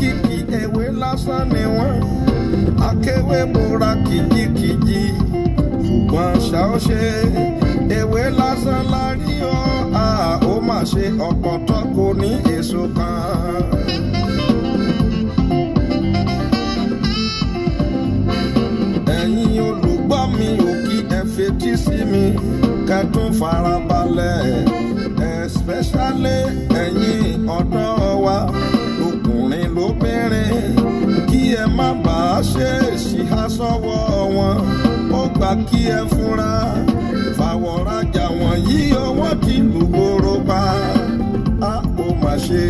kìkì ewé lásán ni wọ́n akéwé múra kìjikìji ṣùgbọ́n ṣá ó ṣe ewé lásán lárí ọ ó mà ṣe ọ̀pọ̀tọ́ kò ní èso kan. ẹ̀yin olùgbọ́ mi ò kí ẹ fetí sí mi kẹ́ farabalẹ̀ especially ẹ̀yin ọ̀dọ́ wa rìn kí ẹ má bàa ṣèèṣì há sọ́wọ́ wọn ó gbà kí ẹ fúnra fàwọn rajà wọ̀nyí owó ti lùgbòrò pa á kò má ṣe.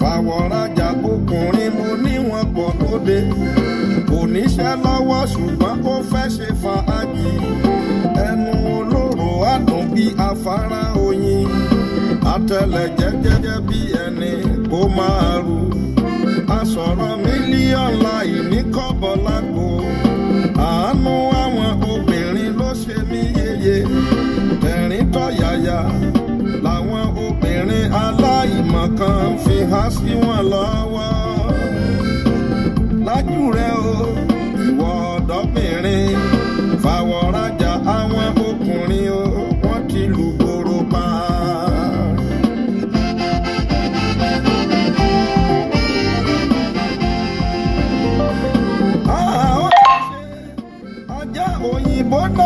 fàwọn ọkùnrin mo ní wọn pọ̀ lóde. ẹni kó máa ru àsọ̀rọ̀ mílíọ̀nù láì ní kọ́bọ̀ lágbo àánú àwọn obìnrin ló ṣe mí yeye ẹ̀rín tọ̀yàyà làwọn obìnrin aláìmọ̀kan fi há sí wọn lọ́wọ́ lájú rẹ o.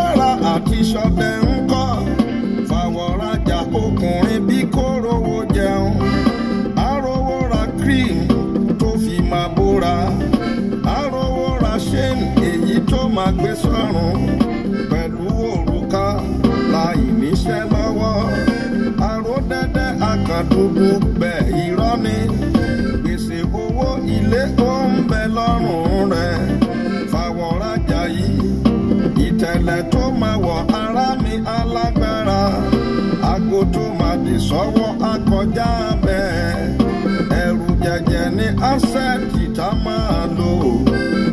alára àti ṣọdẹ ń kọ́ fàwọ̀rajà ọkùnrin bí kò rówó jẹun arówó ra cream tó fi máa bóra arówó ra shane èyí tó máa gbé sọ́run pẹ̀lú òrùka láì níṣẹ́ lọ́wọ́ àròdẹ́dẹ́ àkàndùnkùn. ìṣẹ̀lẹ̀ tó máa wọ̀ ara mi alágbára àgbo tó máa dì sọ́wọ́ akọjá bẹ́ẹ̀ ẹ̀rù jẹ̀jẹ̀ ní asẹ́ẹ̀tì tá máa lò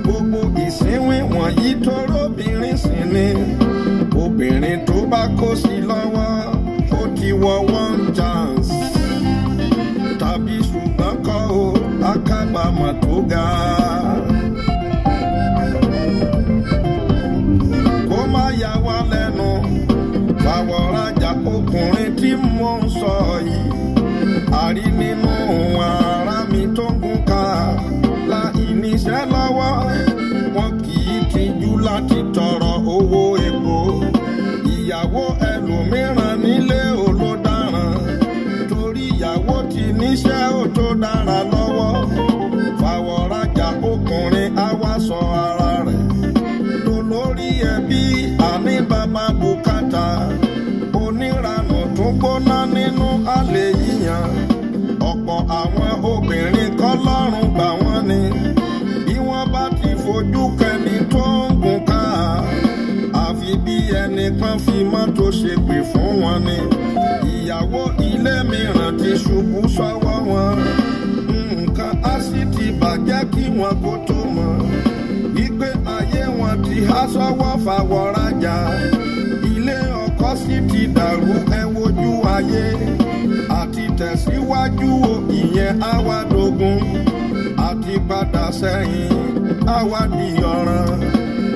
gbogbo ìsínwín wọ̀nyí tórobìnrin sì ni obìnrin tó bá kó sí lọ́wọ́ ó ti wọ one chance tàbí ṣùgbọ́n kọ́ o akábàámọ̀ tó ga. tí mo ń sọ yìí àrí nínú ara mi tó ń gun ká la ìníṣẹ́ lọ́wọ́ wọn kì í tijú láti tọrọ owó epo ìyàwó ẹlòmíràn nílé olódaràn torí ìyàwó ti níṣẹ́ ò tó dára lọ́wọ́ fàwọ̀ rajà ọkùnrin á wá sọ ara rẹ̀ dolórí ẹbí àní bàbá bùkátà. gbóná nínú alẹ́ yíyan ọ̀pọ̀ àwọn obìnrin kọ́lọ́run gbà wọ́n ni bí wọ́n bá ti fojú kẹni tó ń gun ká àfi bí kan fi mọ́tò ṣe pè fún wọn ni ìyàwó ilé mìíràn ti ṣubú sọ́wọ́ wọn nǹkan á sì ti bàjẹ́ kí wọn kó tó mọ̀ wípé ayé wọn ti há sọ́wọ́ fàwọ̀rá. ayé àti tẹ̀síwájú o ìyẹn àwa dogun àti padà sẹ́yìn àwa di ọ̀ràn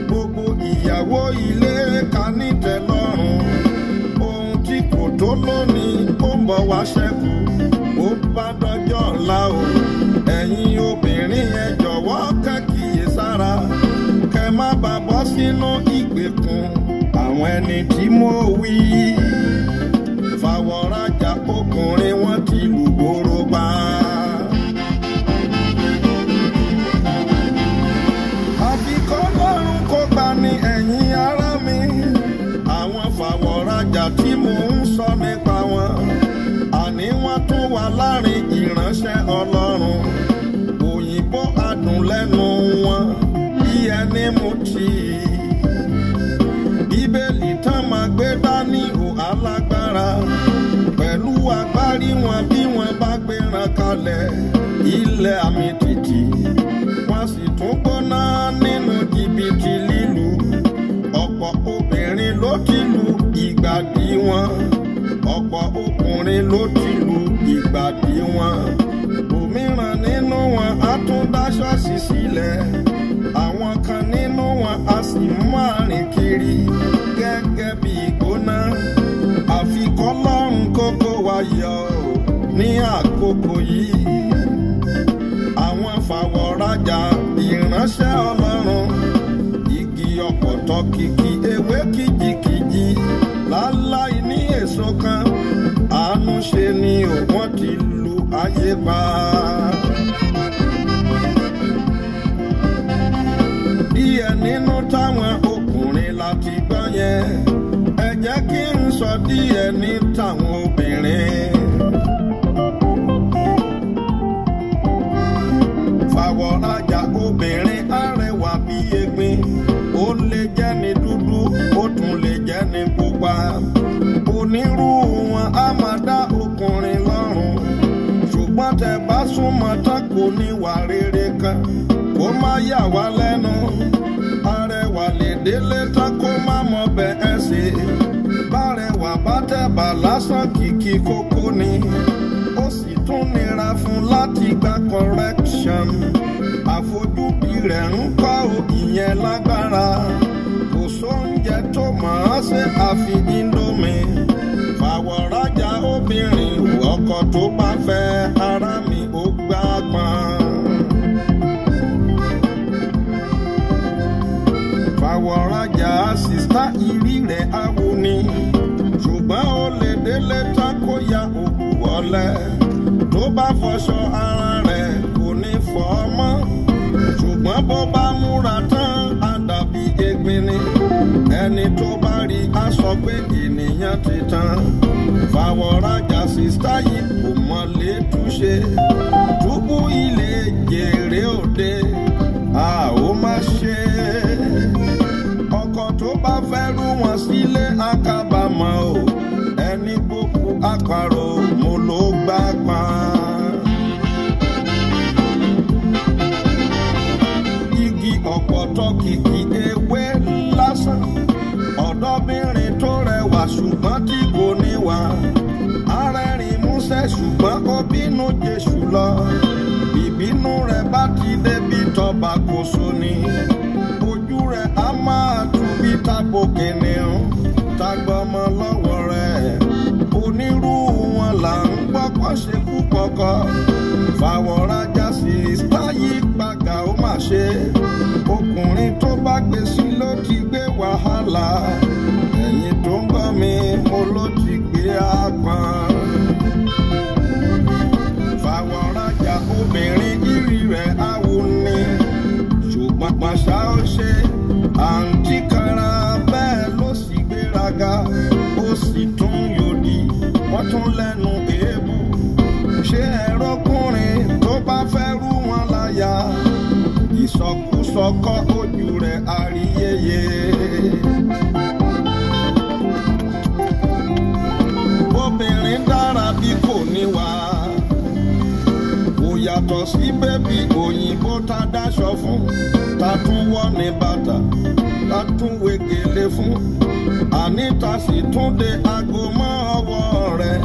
gbogbo ìyàwó ilé ká nítẹ̀lọ́rùn ohun tí kò tó lónìí ó ń bọ̀ wá ṣẹ́kù ó bá dọjọ́ ọ̀la o ẹ̀yin obìnrin ẹ jọ̀wọ́ kákìyè sára kẹ má bàa bọ́ sínú ìgbèkùn àwọn ẹni tí mo wí. tì í. bíbélì tán máa gbé dání ò alágbára pẹ̀lú agbárí wọn bí wọn bá gbéra kalẹ̀ ilẹ̀ àmì tìtì. kiri gẹ́gẹ́ bí ìgbóná àfi kọ́lọ́run kókó wa yọ ní àkókò yìí àwọn fàwọ̀rajà ìránṣẹ́ ọlọ́run igi ọ̀pọ̀tọ́ kìkì ewé kìjìkìjì láláì ní èso kan àánú ṣe ni òun ti lu ayé pa. lọ́jà obìnrin arẹwà bí egbin ó lè jẹ́ ní dúdú ó tún lè jẹ́ ní pupa onírú wọn á máa dá ọkùnrin lọ́rùn ṣùgbọ́n tẹ́ bá súnmọ́ tán kò ní wà rere kan kó má yà wá lẹ́nu arẹwà lè délé tán kó má mọ bẹ ẹ ṣe bárẹwà bá tẹ̀ bà lásán kìkì kókó ni ó sì tún nira fún láti gbà kọrẹ́. rẹ̀ ń kọ́ ìyẹn lágbára kò sóúnjẹ tó máa ṣe àfi obìnrin tó bá fẹ́ ara mi ó gbá ìrí rẹ̀ awo ni ṣùgbọ́n ó lè délé tán kó ya òkú wọlé tó bá fọṣọ ara. táyì kò mọ lè túnṣe túbú ilé jèrè òde a ó má ṣe ọkọ tó bá fẹ́ rú wọn sílé akábàámọ̀ o ẹni gbogbo àparò mo ló gbá pọn. igi ọ̀pọ̀tọ́ kìkì ewé lásán ọ̀dọ́bìnrin tó rẹwà ṣùgbọ́n tí. bínú jésù lọ ìbínú rẹ bá ti débi tọba kò so ni ojú rẹ á máa tún bí tágbó kìnìún tágbọmọ lọ́wọ́ rẹ onírú wọn là ń gbọ́kọ̀ ṣekú kọ̀kọ̀ fàwọ̀rá. pàṣà ọṣẹ àǹtíkara bẹ́ẹ̀ ló sì gbéraga ó sì tún yòdì wọ́n tún lẹ́nu èébù ṣé ẹ̀rọkùnrin tó bá fẹ́ rú wọn láyà ìsọkúsọ ojú rẹ̀ àríyéyé. ní bàtà látúwégele fún àníta sì tún de aago mọ́ ọwọ́ rẹ̀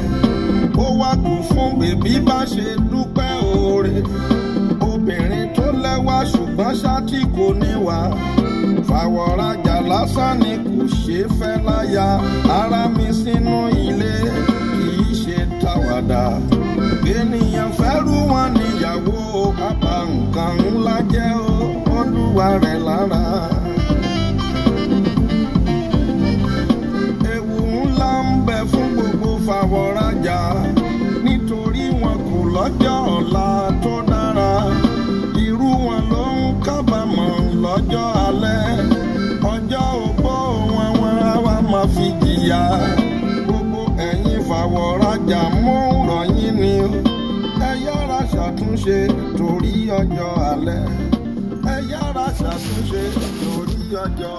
ó wá kù fún bèbí bá ṣe dúpẹ́ oore obìnrin tó lẹ́wà ṣùgbọ́n ṣáàtì kò níwà fàwọ̀rajà lásán ni kò ṣeé fẹ́ láya ara mi sínú ilé kì í ṣe tàwàdà ènìyàn fẹ́ràn. gwara ewu ńlá ń bẹ fún gbogbo fàwọ̀rajà nítorí wọn kò lọ́jọ́ ọ̀la tó dára irú wọn ló ń kábàámọ̀ lọ́jọ́ alẹ ọjọ́ ògbó wọn wọn á wá máa fi jìyà gbogbo ẹyin fàwọ̀rajà mú ràn yín ni ẹ yára ṣàtúnṣe torí ọjọ́ alẹ́. ṣàtúnṣe lórí ọjọ́